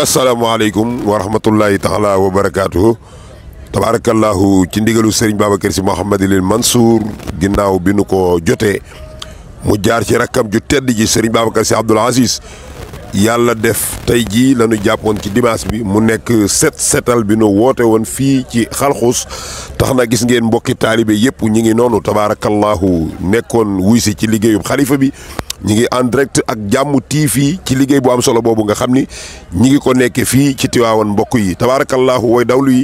asalaamaaleykum wa rahmatullahi taala wa barakaatu tabaarakallahu ci ndigalu Serigne Babacar Sy Mouhamadulil Mansour ginnaaw bi nu ko jotee mu jaar ci rakkam ju tedd ji Serigne Babacar Sy Aziz yàlla def tey jii la ñu jàppoon ci dimaas bi mu nekk set setal bi nu woote woon fii ci xalxus tax na gis ngeen mbokki taalibe yëpp ñu ngi noonu tabaarakallahu nekkoon wuy si ci liggéeyub xalifa bi ñi ngi en direct ak jàmm TV ci liggéey bu am solo boobu nga xam ni ñi ngi ko nekkee fii ci Tiwaawan mbokk yi tabaarakallaahu way dawlu yi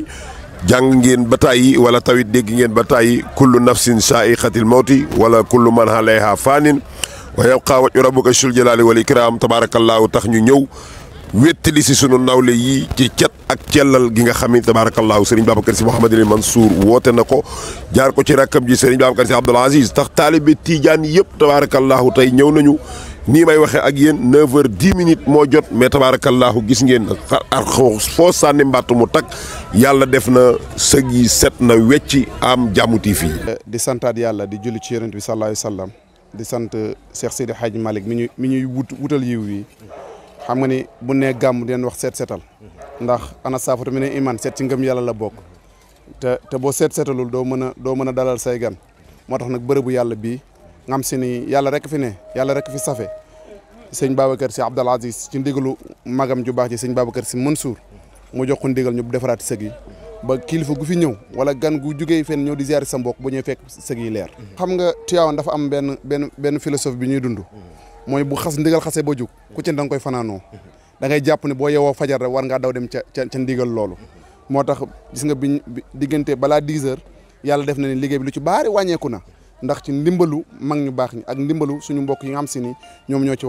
jàng ngeen ba tàyyi wala tawit dégg ngeen ba tàyyi kullu nafsin saa'iqatil mawti wala kullu man alayha faanin wa yabqa wajhu rabbika sul jalaali wal ikraam tabaarakallaahu tax ñu ñëw wéttali si sunu nawle yi ci cet ak cellal gi nga xam ni tabaarakallaahu sëriñ Babacar si Mouhamadul Mansour woote na ko jaar ko ci rakkam ji sëriñ Babacar si Abdoul Aziz tax taalibe Tiijaan yëpp tabaarakallaahu tey ñëw nañu nii may waxee ak yéen 9 heures 10 minutes moo jot mais tabaarakallaahu gis ngeen xar foo sànni mbàtt mu takk yàlla def na sëg yi set na wecci am jàmmu TV yi di santaat yàlla di julli ci yonent bi sallallaahu alayhi di sant Cheikh Seydi Hadj Malick mi ñuy mi wut wutal yiw wi xam nga ni bu nee gàmm di leen wax seet seetal ndax ana saafatu mi ne iman seet ci ngëm yàlla la bokk te te boo seet seetalul doo mën a doo mën a dalal say gan moo tax nag bërëbu yàlla bii nga xam si ni yàlla rek fi ne yàlla rek fi safe sëñ Babacar si Abdal Aziz ci ndigalu magam ju baax ji sëñ Babacar si Mansour mu jox ku ndigal ñu bu defaraat sëg yi ba kilifa gu fi ñëw wala gan gu jugee fen ñëw di ziyaari sa mbokk bu ñuy fekk sëg yi leer. xam nga Tivaouane dafa am benn benn benn philosophe bi ñuy dund. mooy bu xas ndigal xasee ba fanano. ku ci ne da nga koy fanaanoo da ngay jàpp ne boo yeewoo fajar rek war ngaa daw dem ca ca ndigal loolu moo tax gis nga biñ diggante balaa 10 heures yàlla def na ne liggéey bi lu ci na ndax ci ndimbalu mag ñu ñi ak ndimbalu suñu mbokk yi nga ni ñoo ci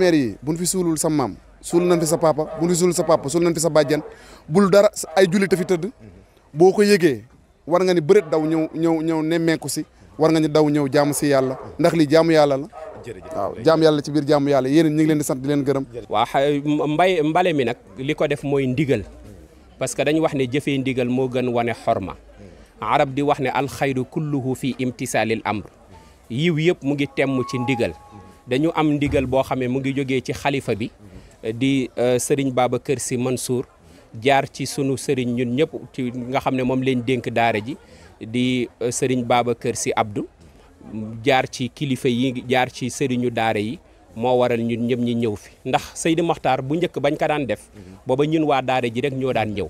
yi buñ fi suulul sa maam suul nañ fi sa papa buñ fi suulul sa papa nañ fi sa bul dara ay jullit te fi tëdd boo ko war nga ni bëreet daw ñëw ñëw ñëw nemmeeku war nga ni daw ñëw jaamu si yàlla ndax li jaamu la waaw jaam yàlla ci biir jaamu yàlla yéen ñu ngi leen di sant di leen gërëm waaw mbay mbale mi nag li ko def mooy ndigal parce que dañu wax ne jëfe ndigal moo gën wane xorma arab di wax ne alxayru kulluhu fi imtisaalil amr yiw yëpp mu ngi temm ci ndigal dañu am ndigal boo xamee mu ngi jogee ci xalifa bi di euh, sëriñ Babacar Sy Mansour jaar ci sunu sëriñ ñun ñëpp ci nga xam ne moom leen dénk daara ji di sëriñ kër si Abdou jaar ci kilifa yi jaar ci sëriñu daare yi moo waral ñun ñëpp ñi ñëw fi ndax Seydi Maxtaar bu njëkk bañ ko daan def mhm. booba ñun waa daare ji rek ñoo daan ñëw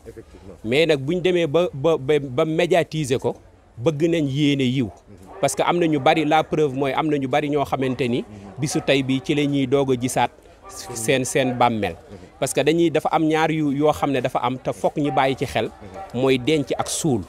mais nag bu buñ demee ba ba médiatiser ko bëgg nañ yéene yiw mhm. parce que am na ñu bari la preuve mooy am na ñu bari ñoo xamante ni mhm. bisu tey bi ci la ñuy doog a gisaat seen seen bàmmeel parce que dañuy dafa am ñaar yu yoo xam ne dafa am te fokk ñu bàyyi ci xel mooy denc ak suul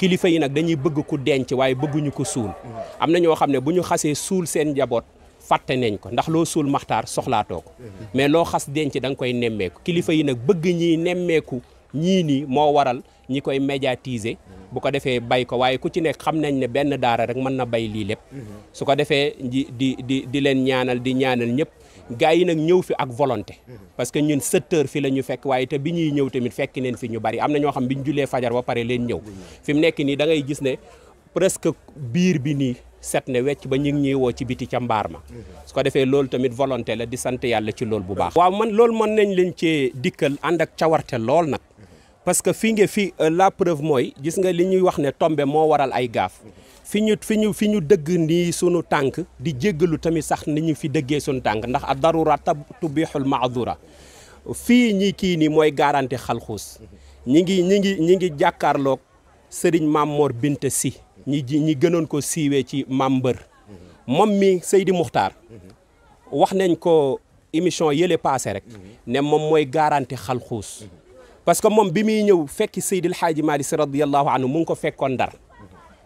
kilifa yi nag dañuy bëgg ku denc waaye bëgguñu ko suul mm-hmm. am na ñoo xam ne bu ñu xasee suul seen njaboot fàtte nañ ko ndax loo suul maxtaar soxlaatoo ko mm-hmm. mais loo xas denc da nga koy nemmeeku kilifa yi nag bëgg ñii nemmeeku ñii nii moo waral ñi koy médiatiser mm-hmm. bu ko defee bay ko waaye ku ci nekk xam nañ ne benn daara rek mën na bay lii lépp su ko defee di di di leen ñaanal di ñaanal ñëpp gaay yi nag ñëw fi ak volonté parce que ñun 7 heures fi lañu fekk waye té biñuy ñuy tamit fekk neen fi ñu bari amna ño xam biñu jullé fajar ba paré leen ñëw fim nekk ni da ngay gis né presque biir bi ni set né wécc ba ñing ñi wo ci biti ca mbaar ma su ko défé lool tamit volonté la di sant yalla ci lool bu baax waaw man lool mon nañ leen ci dikkel and ak cawarte lool nak parce que fi nga fi euh, la preuve moy gis nga li ñuy wax né tomber mo waral ay gaaf fi ñu fi ñu fi ñu dëgg nii sunu tànk di jéggalu tamit sax ni ñu fi dëggee sunu tànk ndax a darura tubixul maadura fii ñi kii nii mooy garanti xalxuus ñi ngi ñi ngi ngi jàkkaarloog sëriñ Mamor Binte Si ñi ji ñi gënoon ko siiwee ci mambër moom mi Seydi Muxtaar wax nañ ko émission yële passé rek ne moom mooy garanti xalxuus parce que moom bi muy ñëw fekki Seydil Haaji Maalik Si radiyallahu anhu mu ngi ko fekkoon Ndar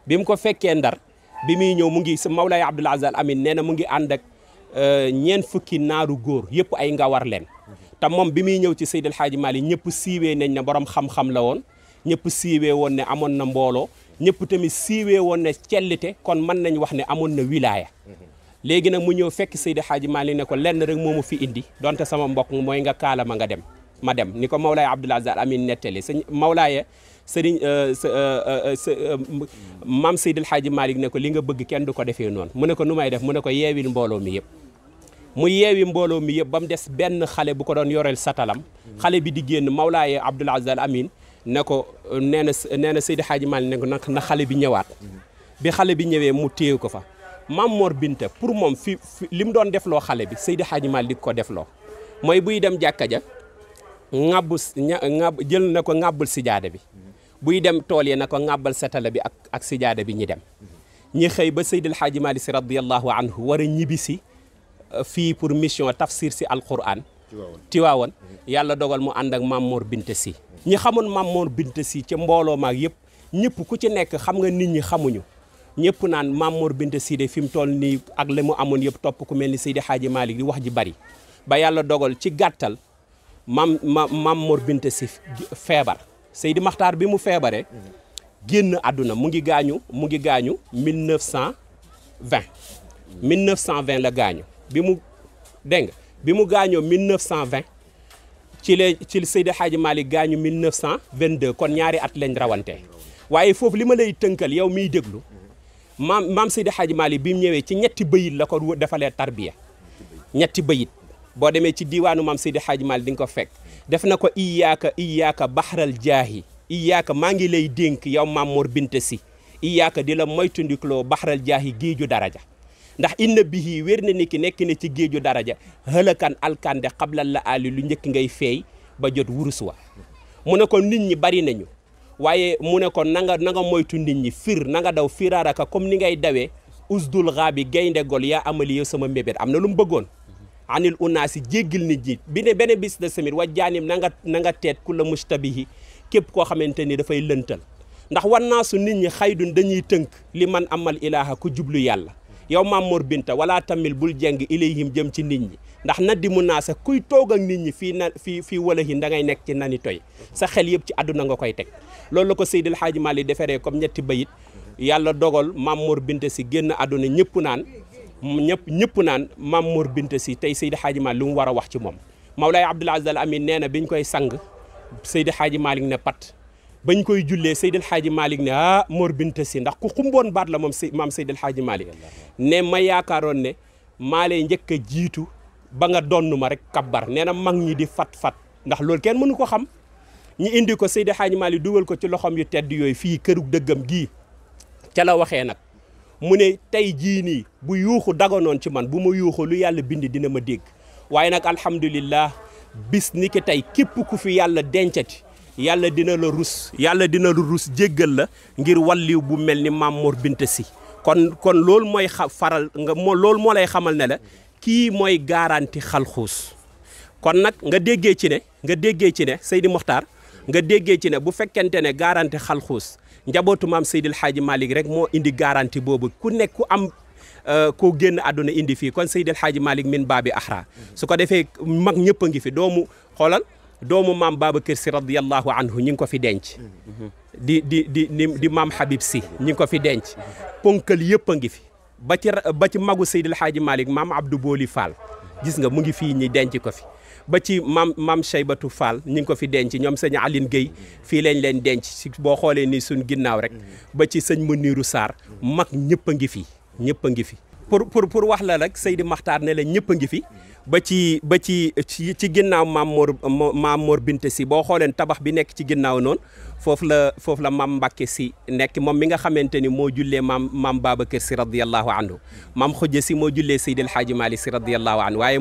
bi mu ko fekkee ndar bi muy ñëw mu ngi sa Mawlaay Abdul Aziz Al Amin nee na mu ngi ànd ak euh, ñeent fukki naaru góor yëpp ay ngawar leen te moom bi muy ñëw ci Seydi El Hadji ñëpp siiwee nañ ne borom xam-xam la woon ñëpp siiwee woon ne amoon na mbooloo ñëpp tamit siiwee woon ne cellite kon mën nañ wax ne amoon na wilaaya léegi nag mu ñëw fekk Seydi Hadji Malick ne ko lenn rek moomu fi indi donte sama mbokk mooy nga kaala ma nga dem ma dem ni ko Mawlaay Abdul Aziz Al Amin nettali sëñ Mawlaaye sëriñ euh, euh, euh, maam Seydil Hadji Malick ne ko li nga bëgg kenn du ko defee noonu mu ne ko nu may def mu ne ko yeewil mbooloo mi yëpp mu yeewi mbooloo mi yëpp ba mu des benn xale bu ko doon yoreel satalam xale bi di génn Mawlaaye Abdoul Aziz Al Amin ne ko nee na nee na Seydil Hadji Malick ne ko nag na xale bi ñëwaat bi xale bi ñëwee mu téye ko fa maam Mor Binta pour moom fi li mu doon defloo xale bi Seydil Hadji Malick ko defloo mooy buy dem jàkka ja ŋàbbu jël na ko ŋàbbul si jaada bi buy dem tool yi na ko ŋàbbal satala bi ak ak sijaada bi ñi dem ñi xëy ba Seydil Hadji Malick Sy radiyallahu anhu war a ñibbi si euh, fii pour mission tafsir si alquran tiwaawoon yàlla dogal mu ànd ak Mamor Binte Si ñi xamoon Mamor Binte Si ca mbooloo maag yëpp ñëpp ku ci nekk xam nga nit ñi xamuñu ñëpp naan Mamor Binte Si de fi mu toll nii ak la mu amoon yëpp topp ku mel ni Seydi Hadji Malick di wax ji bari ba yàlla dogal ci gàttal mam ma Mamor Si feebar Seydi Maxtaar bi mu feebaree génn àdduna mu ngi gaañu mu ngi gaañu 1920 1920 la gaañu bi mu dégg nga bi mu gaañoo 1920 ci la ci Seydi Hadji Malick gaañu 1922 kon ñaari at lañ rawante waaye foofu li ma lay tënkal yow miy déglu maam maam Seydi Hadji maali bi mu ñëwee ci ñetti bëyit la ko defalee tarbiya ñetti bëyit boo demee ci diiwaanu maam Seydi Hadji Malick di nga ko fekk def na ko iyaaka iyaaka baxaral jaahi iyaaka maa ngi lay dénk yow Mamour Binta Sy iyaaka di la moytandikuloo baxaral jaahi géeju daraja ndax inna bihi wér na ni ki nekk ni ci géeju daraja hëlakan alkande xablal la ali lu njëkk ngay feey ba jot wurus wa mu ne ko nit ñi bari nañu waaye mu ne ko na moytu nit ñi fir nanga nga daw firaaraka comme ni ngay dawee usdul raa bi gaynde gol yaa amali yow sama mbébét am na lu mu bëggoon anil unaasi jéggil nit ji bi ne benn bis de samir wa jaanim na nga na teet ku la mustabihi képp koo xamante ni dafay lëntal ndax wannaasu nit ñi xaydun dañuy tënk li man amal ilaaha ku jublu yàlla yow Mamour Binta wala tamil bul jeng ilayhim jëm ci nit ñi ndax na di mu naa sa kuy toog nit ñi fii na fii fii wala hin da ngay nekk ci nani toy sa xel yëpp ci àdduna nga koy teg loolu la ko Seydil Hadji li deferee comme ñetti bayit yàlla dogal Mamour Binta si génn àdduna ñëpp naan ñëpp ñëpp naan maam Mor Binta Sy tey Seydi Hadji Malick lu mu war a wax ci moom Mawlaay Abdoul Aziz Al Amine nee na biñ koy sang Seydi Hadji Malick ne pat bañ koy jullee Seydi Hadji Malick ne ah Mor Binta Sy ndax ku xumboon baat la moom maam Seydi Hadji Malick ne ma yaakaaroon ne maa lay njëkk a jiitu ba nga donn ma rek kabbar nee na mag ñi di fat-fat ndax loolu kenn mënu ko xam ñu indi ko Seydi Hadji Malick dugal ko ci loxoom yu tedd yooyu fii këru dëggam gii ca la waxee nag mu ne tey jii nii bu yuuxu daganoon ci man bu ma yuuxu lu yàlla bind dina ma dégg waaye nag alhamdulillah bis ni ki tey képp ku fi yàlla dencati yàlla dina la rus yàlla dina la rus jéggal la ngir walliw bu mel ni maam Mor Si kon kon loolu mooy xa faral moo loolu moo lay xamal ne la kii mooy gaaranti xalxuus kon nag nga déggee ci ne nga déggee ci ne Seydi Moxtaar nga déggee ci ne bu fekkente ne garanti xalxuus njabootu maam Seydil Hadji Malick rek moo indi garantie boobu ku nekk ku am euh, ko génn àdduna indi fii kon Seydil Hadji Malick min baabi axra su ko defee mag ñëpp a ngi fi doomu xoolal doomu maam Babacar si radiyallahu anhu ñi ngi ko fi denc di di di di maam Habib si ñi ngi ko fi denc ponkal yëpp a ngi fi ba ci ba ci magu Seydil Hadji Malick maam Abdou Boli Fall gis nga mu ngi fii ñi denc ko fi ba ci maam maam Cheybatu Fall ñu ngi ko fi denc ñoom sëñ Aline Gueye fii lañ leen denc si boo xoolee nii suñ ginnaaw rek mm-hmm. ba ci sëñ niiru saar mm-hmm. mag ñëpp a ngi fi ñëpp a ngi fi pour pour pour wax la rek Seydi Maxtaar ne la ñëpp a ngi fi mm-hmm. ba ci ba ci ci ginnaaw maam Mor maam Mor Binte si boo xooleen tabax bi nekk ci ginnaaw noonu foofu la foofu la maam Mbàkke si nekk moom mi nga xamante ni moo jullee maam baaba Babacar si radiyallahu anhu maam Xoje si moo jullee Seydi El Hadji Malick si radiyallahu anhu waaye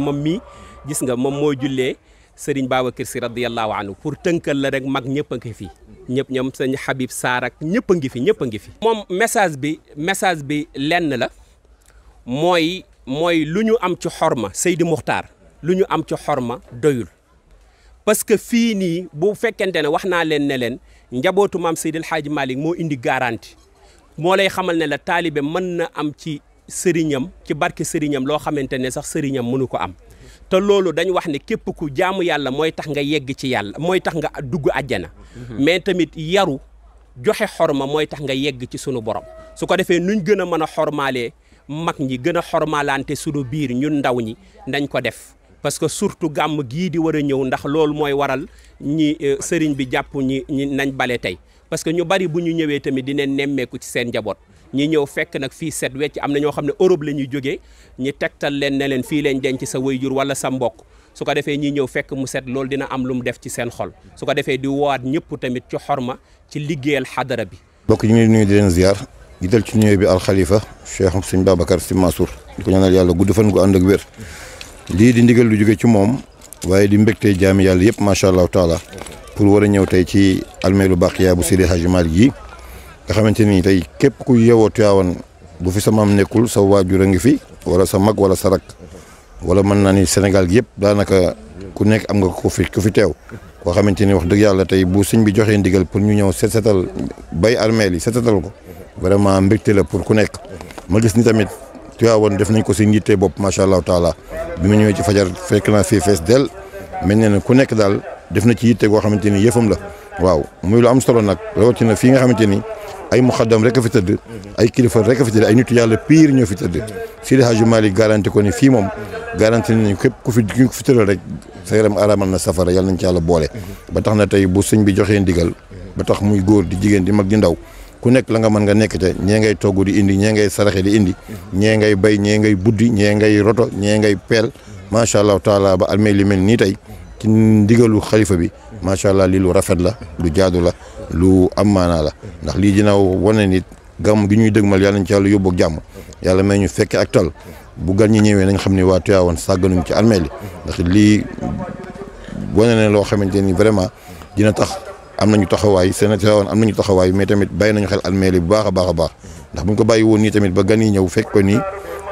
gis nga moom moo jullee sëriñ Babacar si radiyallahu anhu pour tënkal la rek mag ñëpp a ngi fi ñëpp ñoom sëñ Habib Sarr ñëpp a ngi fi ñëpp ngi fi. moom message bi message bi lenn la mooy mooy lu ñu am ci xorma Seydi Muxtaar lu ñu am ci xorma doyul parce que fii nii bu fekkente ne wax naa leen ne leen njabootu maam Seydi El Hadji moo indi garanti moo lay xamal ne la taalibe mën na am ci sëriñam ci barke sëriñam loo xamante ne sax sëriñam mënu ko am. te loolu dañ wax ne képp ku jaamu yàlla mooy tax nga yegg ci yàlla mooy tax nga dugg àjjana mhm. mais tamit yaru joxe xorma mooy tax nga yegg ci sunu borom su ko defee nuñ gën a mën a xormaalee mag ñi gën a xormaalante sunu biir ñun ndaw ñi nañ ko def parce que surtout gàmm gii di war a ñëw ndax loolu mooy waral ñi euh, sëriñ bi jàpp ñi ñi nañ bale tey parce que ñu bari bu ñu ñëwee tamit di dinañ nemmeeku ci seen njaboot ñi ñëw fekk nag fii set wecc am na ñoo xam ne Europe la ñuy jógee ñi tegtal leen ne leen fii leen denc sa wayjur wala sa mbokk su ko defee ñi ñëw fekk mu set loolu dina am lu mu def ci seen xol su ko defee di woowaat ñëpp tamit ci xorma ci liggéeyal xadara bi. mbokk ñu ngi nuyu di leen ziar di dal ci nuyoo bi alxalifa cheikh sëñ Babacar Sy Mansour di ko ñaanal yàlla gudd fan gu ànd ak wér lii di ndigal lu jóge ci moom waaye di mbégtee jaami yàlla yëpp macha allahu taala pour war a ñëw tey ci almeelu baqiya bu Seydi Hadji Malick yi nga xamante ni tey képp ku yeewoo Tiwaawan bu fi sa maam nekkul sa waajur a ngi fi wala sa mag wala sa rak wala mën naa ni Sénégal yëpp daanaka ku nekk am nga ko fi ku fi teew koo xamante ni wax dëgg yàlla tey bu sëñ bi joxee ndigal pour ñu ñëw set setal bay armeel yi set setal ko vraiment mbégte la pour ku nekk ma gis ni tamit Tiwaawan def nañ ko si njiitee bopp macha allahu taala bi ma ñëwee ci fajar fekk naa fii fees dell mel ne ku nekk daal def na ci yitte goo xamante ni yëfam la waaw muy lu am solo nag rawatina fii nga xamante ni ay muxaddam rek a tëdd ay kilifa rek a fi tëdd ay nitu yàlla pire ñoo fi tëdd Seydi Hadji Malick garanti ko ni fii moom garanti nañu képp ku fi ku fi tëral rek sa yaram na safara yàlla nañ ci yàlla boole ba tax na tey bu sëñ bi joxee ndigal ba tax muy góor di jigéen di mag di ndaw ku nekk la nga mën nga nekk te ñee ngay togg di indi ñee ngay saraxe di indi ñee ngay bay ñee ngay buddi ñee ngay roto ñee ngay peel macha allah taala ba almee li mel nii tey ci ndigalu xalifa bi macha lii lu rafet la lu jaadu la lu am maanaa la ndax lii dina wane nit gàmm gi ñuy dëgmal yal nañ ci yàlla yóbbu ak jàmm yàlla may ñu fekke ak tal bu gan ñi ñëwee nañ xam ni waa Tivaouane sàgganuñ ci armeel yi ndax lii wane ne loo xamante ni vraiment dina tax am nañu taxawaay seen Tivaouane am nañu taxawaay mais tamit bay nañu xel armeel yi bu baax a baax a baax ndax buñ ko bàyyi woon nii tamit ba gan yi ñëw fekk ko nii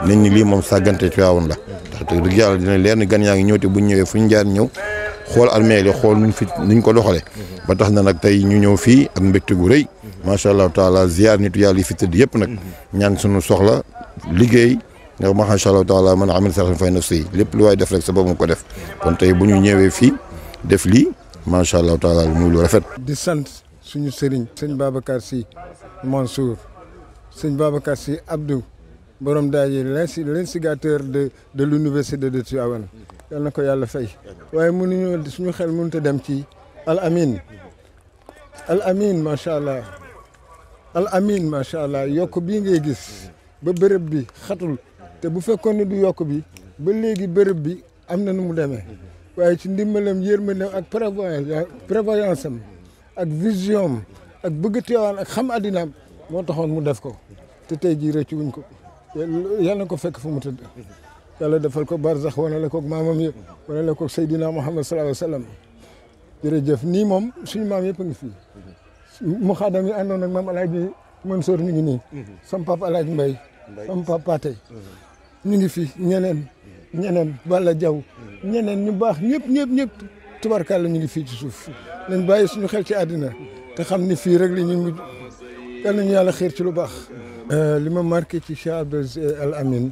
nañ ni lii moom sàggante Tivaouane la ndax dëgg yàlla dina leer ni gan yaa ngi ñëw te buñ ñëwee fuñ jaar ñëw xol armée li xol ñu fi nuñ ko doxale ba tax na nak tay ñu ñëw fi ak mbekté gu reuy ma sha allah taala ziar nitu yàlla yi fi tëdd yëpp nak ñaan suñu soxla liggéey nga sha allah taala man amil sax fay nafsi lépp lu way def rek sa bobu ko def kon tay bu ñu ñewé fi def li ma sha allah taala mu lu rafet. di sante suñu sëriñ sëñ Babacar si Mansour sëñ Babacar si Abdou borom daay l'instigateur de de l'université de Tivaouane yal na ko yàlla fay waaye mënuñu suñu xel mënut a dem ci al amin al amin macha allah al amin macha allah yokk bii ngay gis ba bërëb bi xatul te bu fekkoon ne du yokk bi ba léegi bërëb bi am na nu mu demee waaye ci ndimbalam yërmandem ak prévoyance prévoyance am ak vision am ak bëgg teewaan ak xam àddinaam moo taxoon mu def ko te tey jii rëccuwuñ ko yal na ko fekk fu mu tëdd يالا دافال كو بارزخ وانا لكوك مامام يي وانا لكوك سيدنا محمد صلى الله عليه وسلم جيرجف ني موم سوني مام ييب نغي في مو خادم يي اندون مام الحاج منصور نيغي ني سام بابا الحاج مباي سام بابا تاي نيغي في نينن نينن بالا جاو نينن ني باخ ييب ييب ييب تبارك الله نيغي في سي سوف نين باي سوني خيل سي ادنا تا خامني في رك لي نيغي يالا نيالا خير سي لو باخ آه، لي ماركي سي شاب الامين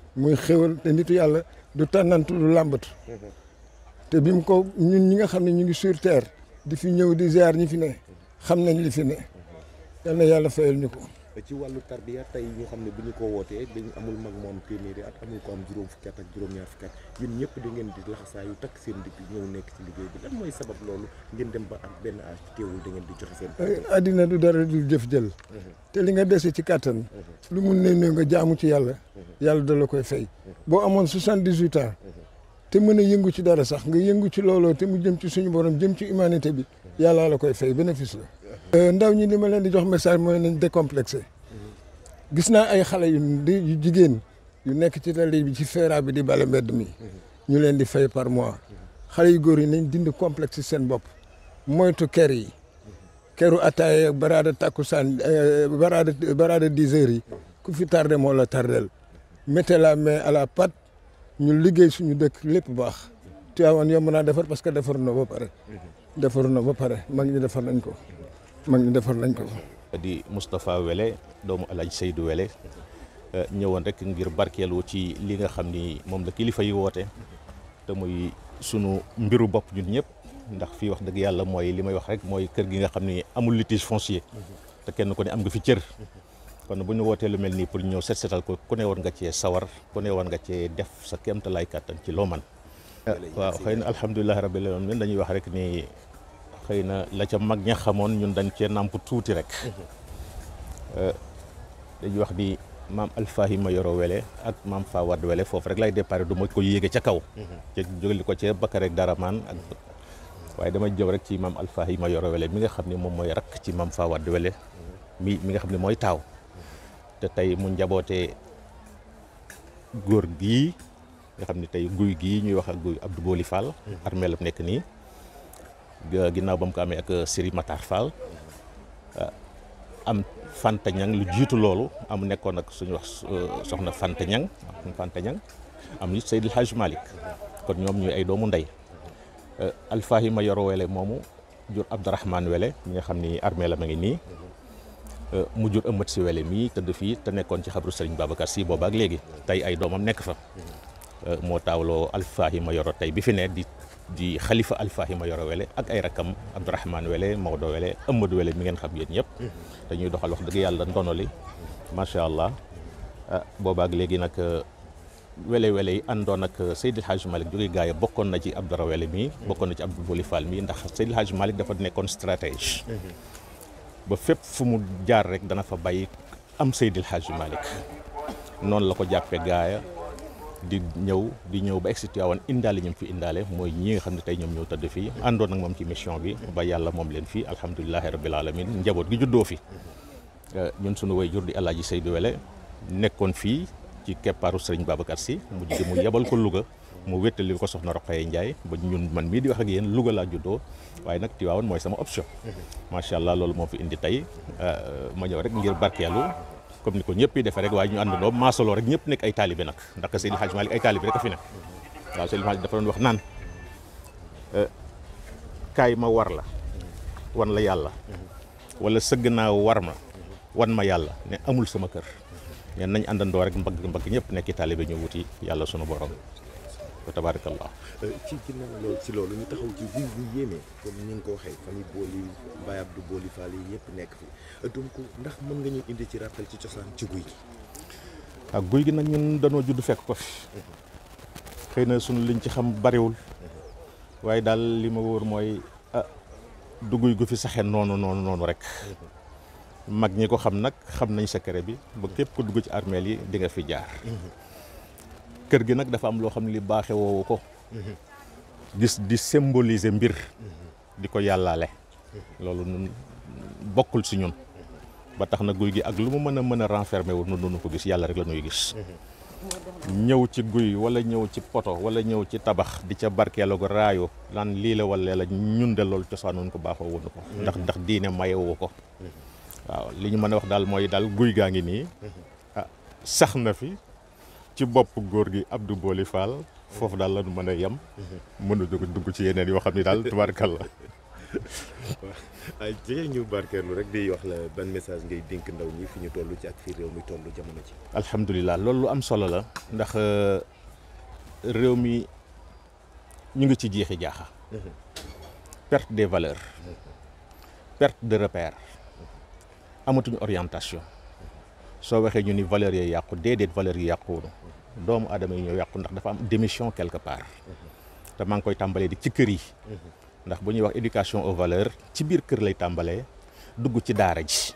muy xéwal te nitu yàlla du tànnantu du làmbatu te bi mu ko ñun ñi nga xam ne ñu ngi sur di fi ñëw di ziar ñi fi ne xam nañ li fi ne yàlla fayal ñu ko ci wàllu tarbiya tey ñu xam ne bu ñu ko wootee dañu amul mag moom téeméeri at amul ko am juróom fukki at ak juróom-ñaar fukki at yéen ñëpp da ngeen di laxasaa yu takk seen digg ñëw nekk ci liggéey bi lan sabab loolu ngeen dem ba ak benn âge teewul da ngeen di joxe seen addina eh, du dara du jëf jël mhm. te li nga dese ci kàttan lu mun ne ne nga jaamu ci yàlla mhm. yàlla da la koy fay mhm. boo amoon soixante-dix-huit ans te mën a yëngu ci dara sax nga yëngu ci looloo te mu jëm ci suñu borom jëm ci humanité bi yàlla la koy fay bénéfice la Euh, ndaw ñi li ma leen di jox message mooy nañ décomplexé gis naa ay xale yu yu jigéen yu nekk ci tali bi ci feera bi di bale mbedd mi ñu leen di fay par mois xale yu góor yi nañ dindi complexe seen bopp moytu ker yi keru ataaya ak baraada takkusaan euh, baraada baraada dix heures yi ku fi tardé moo la tardel mettez la mais à la pâte ñu liggéey suñu dëkk lépp baax Tivaouane yomb naa defar parce que defar na ba pare defar na ba pare mag ñi defar nañ ko mag ñi defar nañ ko. di Moustapha Wele doomu El Hadj Wele eh, ñëwoon rek ngir barkeelu ci li nga xam ni moom la kilifa yi woote te muy sunu mbiru bopp ñun ñëpp ndax fii wax dëgg yàlla mooy li may wax rek mooy kër gi nga xam ni amul litige foncier te kenn ku ne am nga fi cër. kon bu ñu wootee lu mel nii pour ñëw set setal ko ku ne war nga cee sawar ku ne war nga cee def sa kéemtalaay kàttan ci loo man waaw xëy na alhamdulilah rabbil alamin dañuy wax rek ni. xëy na la ca mag ña xamoon ñun dañ cee nàmp tuuti rek euh, dañuy wax ni maam Alfahima ma yorowele ak maam Fawad Wele foofu rek lay déparé du ma ko yéege ca kaw ca jógali ko cee Bakar ak Daraman ak waaye dama jëw rek ci maam Alfahima ma Wele mi nga xam ne moom mooy rakk ci maam Fawad Wele mi mi nga xam ne mooy taaw te tey mu njabootee góor gii nga xam ne tey guy gii ñuy wax ak guy Abdou Boli Fall mm-hmm. armeelam nekk nii ginnaw bam ko amé ak euh, Siri Matar Fall euh, am Fanta Nyang lu jitu lolu am nekonak ak suñu wax euh, soxna Fanta Niang Fanta am nit Seydil hajj Malik, kon ñom ñuy ay doomu al fahima Yoro Wele momu jur Abdourahmane Wele mi nga xamni armée la ma ngi ni mu jur ëmmat si wele mi teud fi te nekkon ci xabru Serigne Babacar si bobak léegi tay ay doomam nekk fa tawlo al fahima Yoro tay bi fi ne di di xalifa Alfahima Yoro Wele ak ay rakam Abdourahmane Wele mawdo Wele Amadou Wele mi ngeen xam yéen ñep dañuy doxal wax deug yàlla ndono li sha allah boba ak léegi nak wele wele ando nak ak Seydil Hadj malik jóge gaay bokkon na ci Abdoura Wele mi bokkon na ci Abdou bouli Fall mi ndax Seydil Hadj malik dafa nekkon stratège ba fep fu mu jaar rek dana fa bàyyi am Seydil Hadj malik non la ko jappé gaaya di ñew di ñew ba exit yawon indal ñum fi indalé moy ñi nga xamni tay ñom ñoom ñoo tëdd fii àndoon ak ci mission bi ba yalla mom leen fi alhamdullilah rabbil alamin njabot gi juddo fi euh, ñun sunu way jurdi di Ji Seydou welé nekkon fi ci keppaaru serigne Babacar mu mujj mu yabal ko luga mu wétali ko soxna Roqaye ndjay ba ñun man mi di wax ak yeen luga la juddo waye nak Tivaouane moy sama option mhm. machallah allah mo fi indi euh, ma ñew rek ngir barkelu comme ni ko ñëpp yi defee rek waaye ñu àndandoo maasaloo rek ñëpp nekk ay taalibe nag ndax Seydi Hadj Malick ay taalibe rek a fi nekk waaw Seydi Hadj dafa doon wax naan euh, kaay ma war la wan la yàlla wala sëgg naa war ma wan ma yàlla ne amul sama kër ñeen nañ àndandoo rek mbagg mbagg ñëpp nekk taalibe ñu wuti yàlla sunu borom fa tabarakallah ci ginnaaw loolu ñu taxaw ci guy guy yéeme comme ni nga ko waxee famille booli Baye Abdou booli Fall yi yëpp nekk fi donc ndax mën nga ñu indi ci rappel ci cosaan ci guy gi. ak guy gi nag ñun dañoo judd fekk ko fi. xëy na sunu liñ ci xam bariwul. waaye daal li ma wóor mooy ah du fi saxe noonu noonu noonu rek. mag ñi ko xam nag xam nañ sa kere bi ba képp ku dugg ci armeel yi di nga fi jaar. kër gi nak dafa am lo xamni li baxé wowo ko gis di symboliser mbir diko ko yàllaale loolu bokul ci ñun ba tax na guuy gi ak lu mu mëna mëna renfermer wu ko gis yalla rek la ñuy gis ñew ci guuy wala ñew ci poto wala ñew ci tabax di ca barkeelu ko rayo lan li la wala la ñun de loolu cosaanuñ ko baaxoo woon ko ndax ndax diine wu ko waaw li ñu wax dal moy dal guuy gaangi ni ah, sax na fi ci bop góor gi Abdou Boli Fall foofu daal la ñu yam a yem. mënu dugg dugg ci yeneen yo xamni dal daal ay jigeen ñu barké lu rek di wax la ban message ngay dink ndaw ñi fi ñu toll ci ak fi réew mi tollu jamono ci. alhamdullilah loolu am solo la. ndax euh, réew mi ñu ngi ci jexi jaxa perte des valeurs. perte de repère. amatuñ orientation. so waxee ñu ni valeur ya yaqku déedéet valeur ya yaqku doomu aadama yi ñoo yàqu ndax dafa am démission quelque part te maa ngi koy tàmbalee di ci kër yi ndax bu ñuy wax éducation aux valeurs ci biir kër lay tàmbalee dugg ci daara ji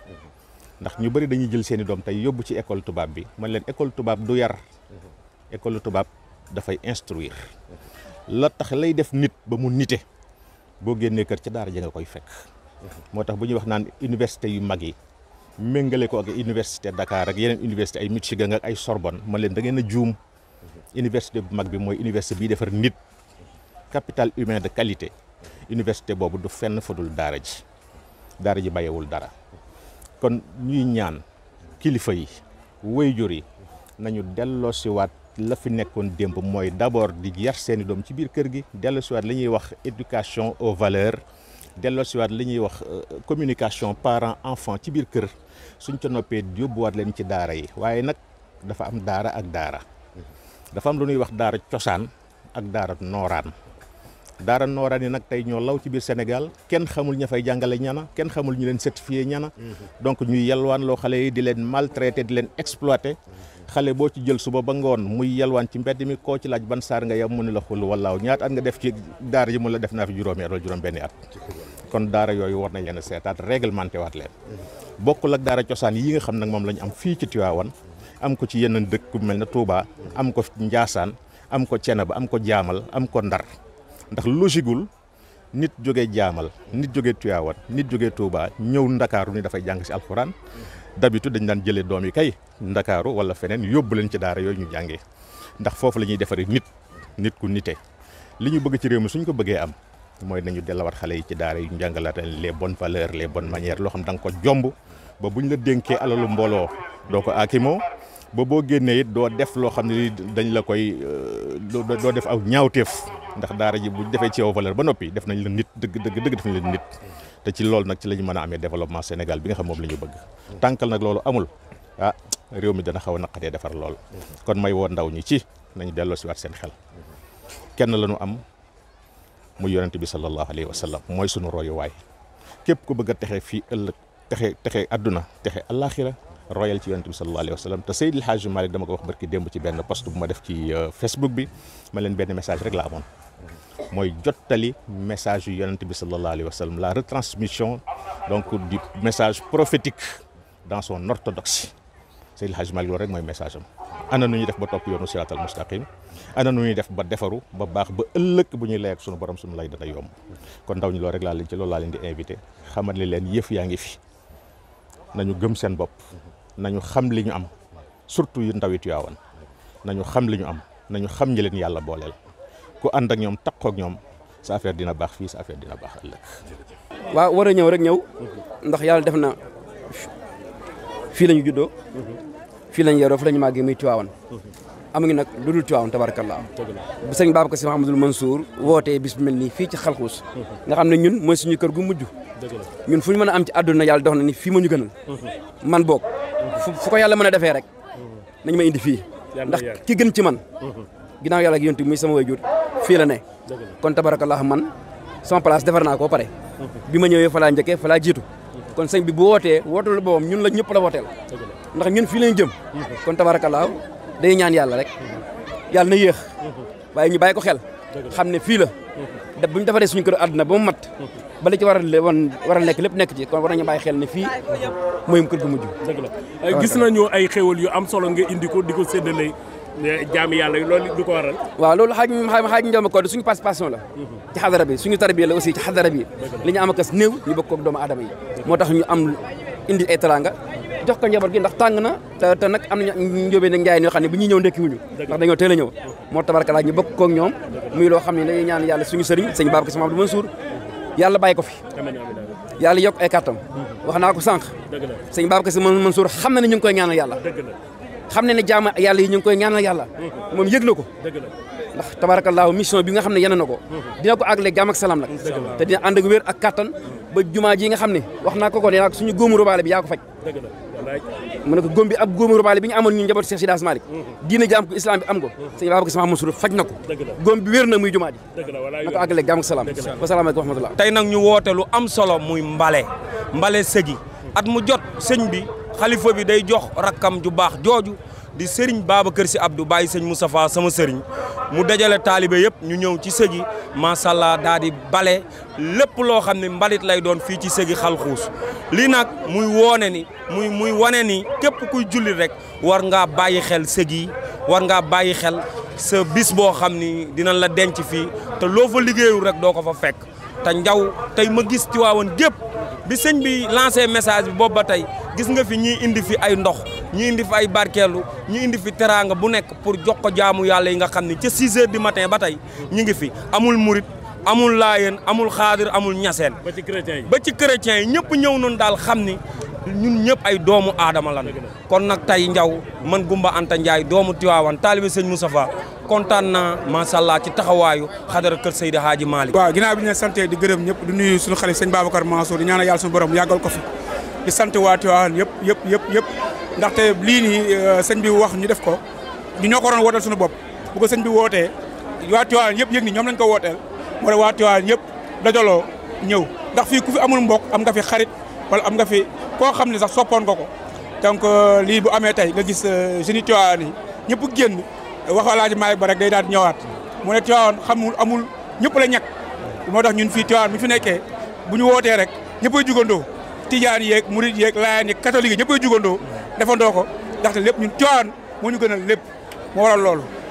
ndax ñu bëri dañuy jël seeni doom tey yóbbu ci école tubaab bi man leen école tubaab du yar école tubaab dafay instruire la tax lay def nit ba mu nite boo génnee kër ci daara ji nga koy fekk moo tax bu ñuy wax naan université yu mag yi méngale ko ak université Dakar ak yeneen université ay Michigan ak ay Sorbonne ma leen dangeen ngeen a juum université bu mag bi mooy université biy defar nit capital humain de qualité université boobu du fenn fudul daara ji daara ji bàyyiwul dara kon ñuy ñaan kilifa yi waajur yi nañu delloo waat la fi nekkoon démb mooy d'abord di yar seeni doom ci biir kër gi delloo siwaat la ñuy wax éducation aux valeur delloosiwaat li ñuy wax euh, communication parent enfant ci biir kër suñ ca noppee yóbbuwaat leen ci daara yi waaye nag dafa am daara ak daara mm-hmm. dafa am lu ñuy wax daara cosaan ak daara nooraan daara norani nak tay ñoo law ci biir senegal kenn xamul ñafay fay ñana kenn xamul ñu leen certifié ñana mhm. donc ñuy yalwaan lo xalé yi di leen maltraiter di leen exploiter mhm. xalé bo ci jël suba ba ngoon muy yalwaan ci mbedd mi ko ci laaj ban sar nga yamuni la xul wallaw ñaat at nga def ci dara yi mu la def na fi juroom at juroom benn at kon dara yooyu war nañ leen a seetaat réglementé leen mhm. bokku lak dara ciosan yi nga xam nak mom lañ am fi ci Tiwaawan am ko ci yenn dekk ku Touba am ko njaasan am ko cenaba am ko Jaamal am ko Ndar ndax logigul nit jóge jaamal nit jóge tuyaawat nit jóge Touba ñëw ndakaaru ni dafay jàng si alxuraan d'habitude dañ daan jëlee doom yi kay ndakaaru wala feneen yóbbu leen ci daara yooyu ñu jàngee ndax foofu la ñuy defaree nit nit ku nite li ñu bëgg ci réew mi suñ ko bëggee am mooy nañu dellawaat xale yi ci daara yu njàngalaat les bon valeurs les bon manières loo xam da nga ko jomb ba ñu la dénkee alalu mbooloo doo ko aakimoo ba boo génnee it doo def loo xam ne dañ la koy euh, doo def aw ñaawteef ndax daara ji bu defee ci yow ba noppi def nañ la nit dëgg dëgg dëgg def nañ la nit te ci loolu nag ci la ñu mën a amee développement Sénégal bi nga xam moom la ñu bëgg. tànkal nag loolu amul ah, réew mi dana xaw a naqatee defar lool. kon may woo ndaw ñi ci nañ delloo si waat seen xel kenn la ñu am mu yonent bi sallallahu alayhi wa sallam mooy sunu royuwaay képp ku bëgg a texe fii ëllëg texe texe àdduna texe àllaaxira royal ci yonent bi sallallahu alayhi wa sallam te Seydi El Hadji Malick dama ko wax barki démb ci benn post bu ma def ci Facebook bi ma leen benn message rek la amoon mooy jottali message yu yonent bi sallallahu alayhi wa sallam la retransmission donc du message prophétique dans son orthodoxie Seydi El Hadji Malick loolu rek mooy message am ana nu ñuy def ba topp yoonu siraatal mustaqim ana nu ñuy def ba defaru ba baax ba ëllëg bu ñuy lay ak sunu borom sunu lay dana yomb kon ndaw ñi loolu rek laa leen ci loolu laa leen di invité xamal ni leen yëf yaa ngi fi nañu gëm seen bopp nañu xam liñu am surtout yu ndaw yi Tiwaawan nañu xam liñu am nañu xam ñi leen yàlla ku and ak ñom takko ak ñom sa affaire dina bax fi sa affaire dina bax ëlëk wa wara ñew rek ñew ndax yalla def na fii la ñu juddoo fii la fi lañu magge muy Tiwaawan amuñu nag nak dul Tiwaawan tabarakallah bu sëñ Babacar Si Mahamadul Mansour wote bis bu ci nga xamne ñun moy suñu kër gu ñun fuñu mëna am ci aduna yalla dox ni fi mañu gënal man bok fu ko yàlla mën a rek nañ ma indi fi ndax ki gën ci man ginaaw yalla ak yonti muy sama waajur fi la né kon tabarakallah man sama place defar na ko pare bima ñëwé ñëwee fa laa njëkkee fa laa jiitu kon sëñ bi bu woté wotul boobam ñun la ñëpp la wooteel ndax ñun fi lañ jëm kon tabarakallah day ñaan yalla rek yalla na yeex waye ñu bay ko xel xamné fi la buñ suñu kër aduna ba mat ba li ci war a woon war a nekk lépp nekk ci kon war nañu bàyyi xel ne kër gu mujj. gis nañu ay xéwal yu am solo nga indi ko di ko séddale eh, jaami yàlla yi loolu du ko waral. waaw loolu xaaj xaaj Ndiome Codé suñu la. Mhm. ci xadara bi suñu tarbiya la aussi ci xadara bi. li ñu am akas néew ñu bokk doomu aadama yi. moo tax ñu am indi ay teraanga jox ko njaboot ndax tàng na te am na njóobee ne njaay ñoo xam ne bu ñuy ñëw ndekki wuñu ndax dañoo teel a ñëw yàlla bàyyi ko fi yàlla yokk ay kàttam wax naa ko sànq sëñ Babacar Sy Mansour xam na ne ñu ngi koy ñaanal yàlla xam na ne jaama yàlla yi ñu ngi koy ñaanal yàlla mm-hmm. moom yëg na ko ndax tabaarakallaahu mission bi nga xam ne yenn na ko mm-hmm. dina ko àggale jàmm ak salaam nag te dina ànd ak a ak ba jumaa ji nga xam ne wax ko ko nee naa ko suñu góomu robaale bi yaa ko faj mu ne ko góom góomu robaale bi ñu amoon ñun njabootu Cheikh Sidaas Malick diine ji ko islam bi am ko sëñ Babacar Sy faj na ko góom wér na muy jumaa ji na ko àggale jàmm ak salaam wasalaamaaleykum wa rahmatullah tey nag ñu woote lu am solo muy mbale mbale sëgi at mu jot sëñ bi xalifa bi day jox rakkam ju jooju di sëriñ Babacar Sy Abdou bàyyi sëñ Moustapha sama sëriñ mu dajale taalibe yëpp ñu ñëw ci sëgi macha allah daal di bale lépp loo xam ne mbalit lay doon fii ci sëgi xalxuus lii nag muy woone ni muy muy wane ni képp kuy julli rek war ngaa bàyyi xel sëgi war ngaa bàyyi xel sa bis boo xam ni dinañ la denc fii te loo fa liggéeyul rek doo ko fa fekk te njaw tey ma gis ci waawan gépp bi sëñ bi lancé message bi boobu ba tey gis nga fi ñii indi fi ay ndox ñii indi fi ay barkeelu ñii indi fi teraanga bu nekk pour jox ko jaamu yàlla yi nga xam ne ca 6 heures du matin ba tey ñu ngi fi amul murit amul laayeen amul xaadir amul ñaseen. ba ci chrétien yi ba ci chrétien yi ñëpp ñëw noonu daal xam ni ñun ñëpp ay doomu aadama lan kon nag tey njaw man Gumba Anta Ndiaye doomu Tiwaawan taalibe sëñ Moustapha kontaan naa macha allah ci taxawaayu xadara kër Seydi Hadji Malick. waaw ginnaaw bi ñu santee di gërëm ñëpp di nuyu suñu xale sëñ Babacar Mansour di ñaanal yàlla suñu borom yàggal ko fi di sante waat Tiwaawan yëpp yëpp yëpp yëpp ndaxte lii nii euh, sëñ bi wax ñu def ko ñu ñoo ko waroon wooteel suñu bopp ko sëñ bi wootee waa Tiwaawan yëpp yëg ni ñoom lañ ko wooteel moo tax waa Tivaouane ñëpp dajaloo ñëw ndax fii ku fi amul mbokk am nga fi xarit wala am nga fi koo xam ne sax soppoon nga ko donc euh, lii bu amee tey nga gis jeunes Tivaouane yi ñëpp génn wax Alaaji Maalik ba rek day daal di ñëwaat mu ne Tivaouane xamul amul ñëpp la ñàkk moo tax ñun fii Tivaouane bu fi nekkee bu ñu wootee rek ñëppay jugandoo tijaan yeeg murid yeeg laayaan yeeg catholique yi ñëppay defandoo ko ndaxte lépp ñun Tivaouane moo ñu gën a lépp moo waral loolu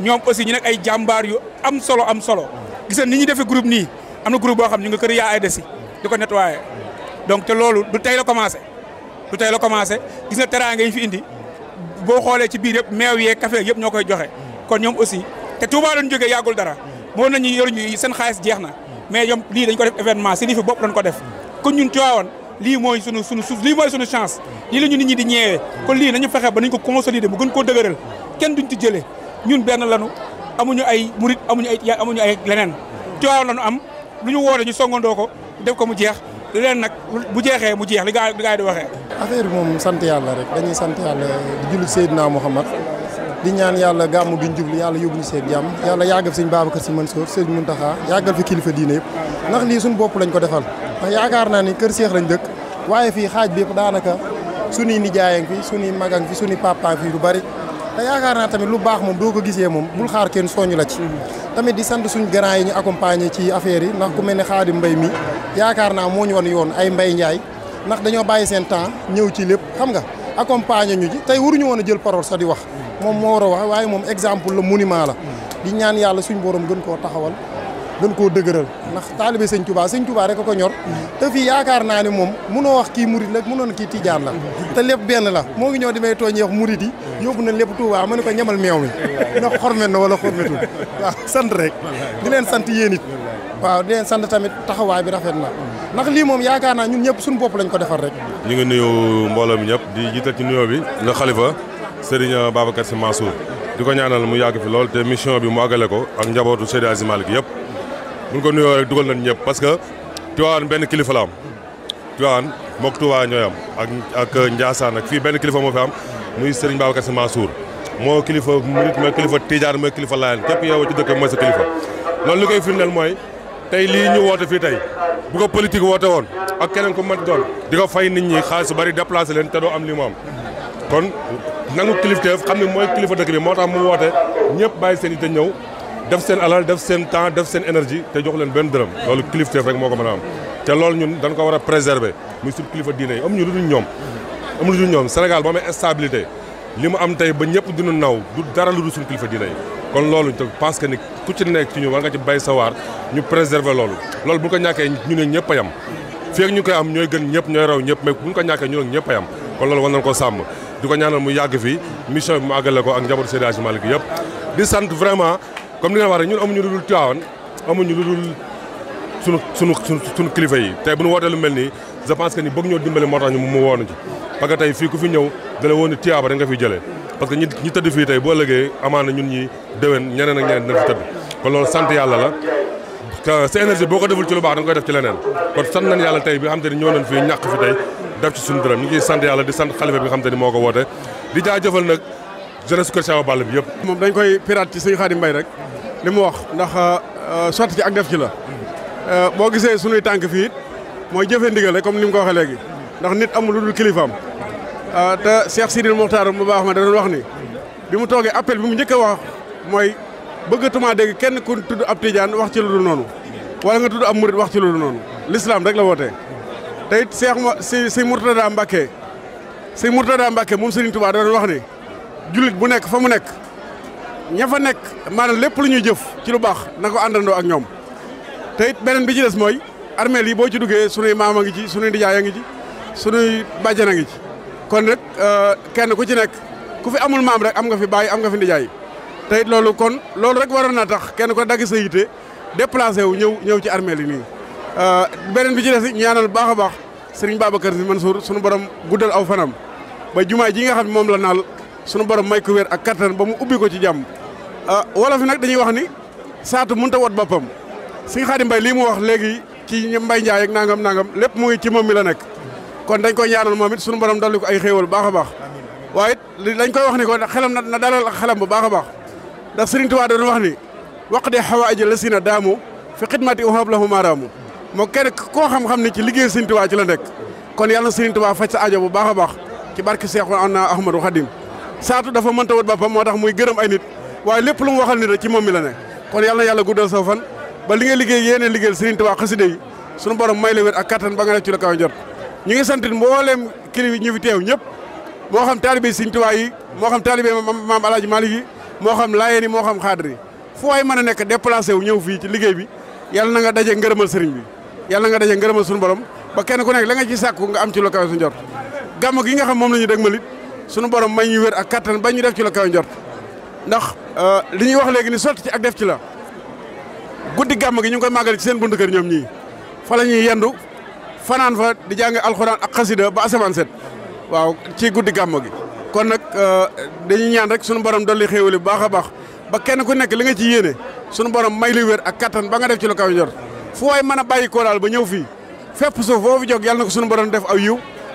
ñoom aussi ñu nekk ay jàmbaar yu am solo am solo gis ni ñuy defee group nii am na group boo xam ñu nga kër yaa ay desi di ko nettoyé donc te loolu du tey la commencé du tey la commencé gis nga teraanga fi indi boo xoolee ci biir yëpp meew yee yëpp ñoo koy joxe kon ñoom aussi te Touba doon jógee yàggul dara moo nañu yoruñu seen xaalis jeex na mais lii dañ ko def événement si lii dañ ko def kon ñun Tiwaawan lii mooy sunu sunu lii mooy sunu chance lii la ñu nit ñi di ñeewee kon lii nañu fexe ba nañ ko consolider mu gën ko dëgëral kenn duñ ci jëlee ñun benn lanu amuñu ay murit amuñu ay amuñu ay leneen Tiwaawan am lu ñu woote ñu songandoo ko def ko mu jeex leneen nag bu jeexee mu jeex li gaa li gaa di waxee. affaire bi moom sant yàlla rek dañuy sant yàlla di julli Seydina Muhammad di ñaan yàlla gàmmu duñ jublu yàlla yóbbu ñu seet jàmm yàlla yàggal fi sëñ Babacar Sy Mansour sëñ Muntaxa yàggal fi kilifa diine yëpp nax lii suñu bopp lañ ko defal yaakaar naa ni kër Seex lañ dëkk waaye fii xaaj bi yëpp daanaka suñuy nijaayang fi suñuy magang fi suñuy papaang fi lu bari te yaakaar naa tamit lu baax moom doo ko gisee moom bul xaar kenn soñu la ci tamit di sant suñ grand yi ñu accompagner ci affaire yi ndax ku mel ne xaadim mbay mi yaakaar naa moo ñu wan yoon ay mbay njaay ndax dañoo bàyyi seen temps ñëw ci lépp xam nga accompagner ñu ji tey waruñu woon a jël parole sax di wax moom moo war a wax waaye moom exemple la monument la di ñaan yàlla suñ borom gën koo taxawal gën koo dëgëral ndax taalibe sëñ Touba sëñ Touba rek ko ñor te yaakaar naa ne moom munoo wax kii murit la munoon kii tijaan la te lépp benn la moo ngi ñëw di may tooñee wax murit yi yóbbu na lépp Touba ma ko ñamal meew mi ndax xormet na wala xormetul waaw sant rek di leen sant yéen it waaw di leen sant tamit taxawaay bi rafet na ndax lii moom yaakaar naa ñun ñëpp suñu bopp lañ ko defar rek ñu ngi nuyu mbooloo mi ñëpp di jiital ci nuyoo bi nga xalifa Serigne Babacar Sy Mansour di ko ñaanal mu yàgg fi lool te bi mu àggale ko ak njabootu Seydi Aziz yëpp buñ ko nuyoo rek dugal nañ ñëpp parce que benn kilifa la am Tivaouane mook Touba ñooy am ak ak Ndiassane ak fii benn kilifa moo am muy Serigne ba Sy Mansour moo kilifa murit mooy kilifa Tijaan mooy kilifa Laayeen képp yow ci dëkk mooy sa kilifa loolu li koy firndeel mooy tey lii ñu woote fii tey bu ko politique woote woon ak keneen ku mën doon di ko fay nit ñi xaalis su bari déplacé leen te doo am li mu kon nangu kilifteef xam ne mooy kilifa dëkk bi moo tax mu woote ñëpp bàyyi seen i te def seen alal def seen temps def seen énergie te jox leen benn dërëm loolu kilifteef rek moo ko mën a am te loolu ñun dañ ko war a préserver muy sur kilifa diine yi am ñu lu dul ñoom am lu dul ñoom Sénégal ba amee li mu am tey ba ñëpp dina naw du dara lu dul suñu kilifa diine yi kon loolu te parce que ni ku ci nekk ci ñu war nga ci sa sawaar ñu préserver loolu loolu bu ko ñàkkee ñu ne ñëpp a yam ak ñu koy am ñooy gën ñëpp ñooy raw ñëpp mais bu ko ñàkkee ñu ñëpp a yam kon loolu ko sàmm ko ñaanal mu yàgg fii mission bi mu ko ak njabootu Seydi Hadji yëpp sant vraiment comme ni nga wax rek ñun amuñu lu dul Tivaouane amuñu lu dul sunu sunu sunu kilifa yi tey bu ñu wootee lu mel nii je pense que ni bëgg ñoo dimbali moo tax ñu mu woonu ci parce tey fii ku fi ñëw dala woon ni Tivaouane rek nga fiy jëlee parce que ñi tëdd fii tey boo ëllëgee amaana ñun ñi déwén ñeneen ak ñeneen dina fi tëdd kon loolu sant yàlla la sa énergie boo ko deful ci lu baax da nga koy def ci leneen kon sant nañ yàlla tey bi nga xam te ni ñoo nañ fii ñàkk fi tey def ci di sant xalifa bi nga xam moo ko woote di jaajëfal nag jeunesse Kër Saawa Ball yëpp moom dañ koy pirate ci suñu Xaadim Mbay rek li mu wax ndax euh, euh, sot ci ak def ci la euh, boo gisee sunuy tànk fii it mooy jëfee ndigal rek comme ni mu ko waxee léegi ndax nit amul lu dul kilifaam te Cheikh Sidil Mokhtar bu baax ma da doon wax ni bi mu toogee appel bi mu njëkk a wax mooy bëggatuma dégg kenn ku tudd ab tijaan wax ci lu dul noonu wala nga tudd ab murit wax ci lu dul noonu l'islam rek la wootee te it Cheikh ma si si Mourtada Mbacké si Mourtada Mbacké moom Serigne Touba da doon wax ni jullit bu nekk fa mu nekk ña fa nekk maanaam lépp lu ñuy jëf ci lu baax na ko àndandoo ak ñoom te it beneen bi ci des mooy armeel yi boo ci duggee sunuy maam a ngi ci sunuy nijaay a ngi ci sunuy bàjjan a ngi ci kon rek euh, kenn ku ci nekk ku fi amul maam rek am nga fi bàyyi am nga fi nijaay te it loolu kon loolu rek waroon naa tax kenn ko dagg sa yite wu ñëw ñëw ci armeel yi nii euh, beneen bi ci des ñaanal baax a baax sëriñ Babacar Si Mansour sunu borom guddal aw fanam ba jumaa ji nga sunu borom may ku wér ak kattan ba mu ubbi ko ci jàmm ah, wolof yi nag dañuy wax ni saatu mënut a wat boppam Sëñ Xaadim Mbay lii mu wax léegi ci Mbay Njaay ak nangam nangam lépp mu ngi ci moom mi la nekk kon dañ koy ñaanal moom it sunu borom dolli ko ay xéewal baax a baax waaye it dañ koy wax ni ko xelam na dalal xelam bu baax a baax ndax Sëriñ Tuubaa doon wax ni waq de xawaaji la si na daamu fi xidmati uhab lahu maaraamu moo kenn koo xam-xam ni ci liggéey Sëriñ Tuubaa ci la nekk kon yàlla na Sëriñ Tuubaa faj sa bu baax a baax ci barke Seexuna Ahmadu Xaadim saatu dafa mënta wut boppam motax muy gëreum ay nit waye lepp lu mu waxal nit rek ci mom mi la nek kon yalla yalla guddal so fan ba li ngay liggéey yene liggéeyal Serigne Touba xasida yi sunu borom may la wér ak katan ba nga ci la kaw jot ñu ngi sant mbolem kilifa ñu fi tew ñep mo xam talibé Serigne Touba yi mo xam talibé mam Alaaji malik yi mo xam laayeen yi xam khadri fu way mëna nek déplacer wu ñew fi ci liggéey bi yalla na nga dajé ngeureumal serigne bi yalla na nga dajé ngeureumal sunu borom ba kenn ku nek la nga ci sakku nga am ci la kaw su njort gi nga xam mom lañu degmalit sunu borom may ñu wër ak katan ba ñu def ci la kaw njort ndax euh, li ñuy wax ni ci ak def ci la guddi gam gi ñu koy magal ci seen buntu kër ñom ñi fa la ñuy yendu fanaan fa di jang alcorane ak qasida ba asaman set waaw ci guddi gam gi. kon nak euh, dañuy ñaan rek sunu borom doli xéewali bu baax baax ba kenn ku nekk li nga ci yene sunu borom may li wër ak katan ba nga def ci la kaw fu way mëna bayiko dal ba ñew fi suuf fofu jog yalla nako borom def aw yiw.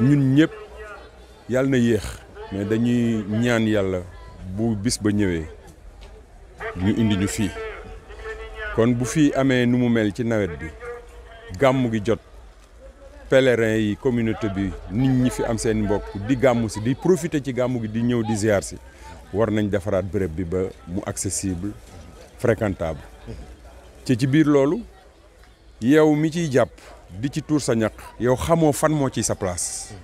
ñun ñëpp yàlla na yéex mais dañuy ñaan yàlla bu bis ba ñëwee ñu indi ñu fii kon bu fii amee nu mu mel ci nawet bi gàmm gi jot pèlerins yi communauté bi nit ñi fi am seen mbokk di gàmmu si di profiter ci gàmm gi di ñëw di ziar si war nañ defaraat béréb bi ba mu accessible fréquentable ci ci biir loolu yow mi ciy jàpp di ci tour sa ñak yow xamoo fan moo ci sa place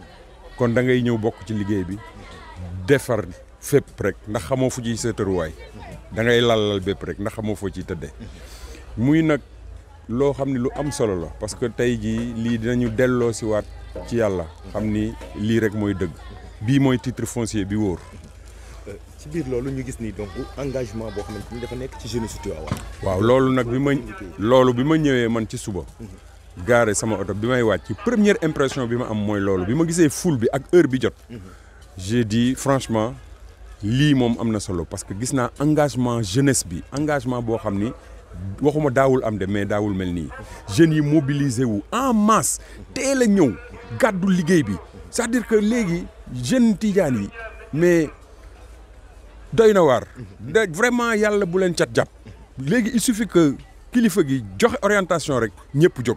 kon da ngay ñëw bokk ci liggéey bi defar fépp rek ndax xamoo fu ci sa tëruwaay da ngay lalal bépp rek ndax xamoo fu ci tëddee muy nag loo xam ne lu am solo la parce que tey jii lii dinañu delloo si waat ci yàlla xam ni lii rek mooy dëgg bii mooy titre foncier bi wóor ci biir loolu ñu gis ni donc engagement boo xamante ni dafa nekk ci jeunesse Tivaouane waaw loolu nag bi ma loolu bi ma ñëwee man ci suba mhm. garé sama auto bi may wàcc première impression bima am moy lolu bima gisé foule bi ak heure bi jot. j'ai dit franchement li mom amna solo parce que gis naa engagement jeunesse bi engagement bo xamni waxuma daawul am de mais daawul mel nii jeunes yi mobiliser wu en masse té a ñew gaddu liguey bi c'est-à-dire que légui jeune tidiane yi mais doyna war vraiment yalla bu len cat jàpp. légui il suffit que kilifa gi joxe orientation rek ñepp jóg.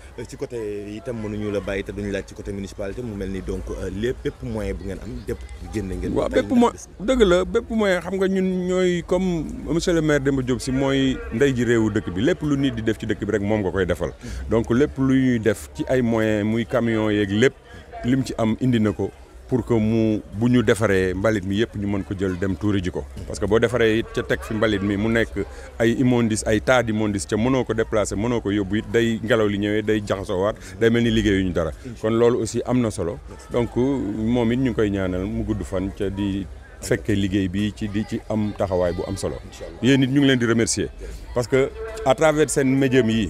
ci côté itam mënuñu la bayyi té duñu la ci côté municipalité mu melni donc euh, lépp bépp moyen bu ngeen am dépp génn ngeen wa bép mo deug la bép moyen xam nga ñun ñoy comme monsieur le maire Demba job ci moy ndey ji réewu dëkk bi lépp lu nit di def ci dëkk bi rek mom nga koy defal hmm. donc lépp lu ñuy def ci ay moyen muy camion yeeg lépp lim ci am indi nako pour que mu bu ñu defaree mbalit mi yëpp ñu mën ko jël dem tuuri ji ko parce que boo defaree it ca teg fi mbalit mi mu nekk ay immondices ay tas d'immondices ca mënoo ko déplacer mënoo ko yóbbu it day ngelaw li ñëwee day jaxasoowaat day mel ni liggéeyuñu dara kon loolu aussi am na solo donc moom it ñu koy ñaanal mu gudd fan ca di fekkee liggéey bi ci di ci am taxawaay bu am solo yéen it ñu ngi leen di remercier parce que à travers seen médium yi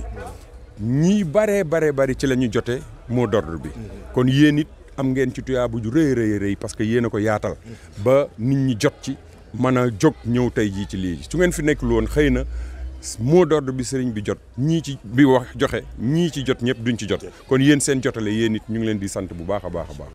ñi baree baree bari ci la ñu jote mot d'ordre bi mm-hmm. am ngeen ci tuyaa bu ju rëy rëy rëy parce que yéen a ko yaatal ba nit ñi jot ci mën a jóg ñëw tey jii ci lii su ngeen fi nekkul woon xëy na moo d'ordre bi sëriñ bi jot ñii ci bi wax joxe ñii ci jot ñëpp duñ ci jot kon yéen seen jotale yéen it ñu ngi leen di sant bu baax a baax a baax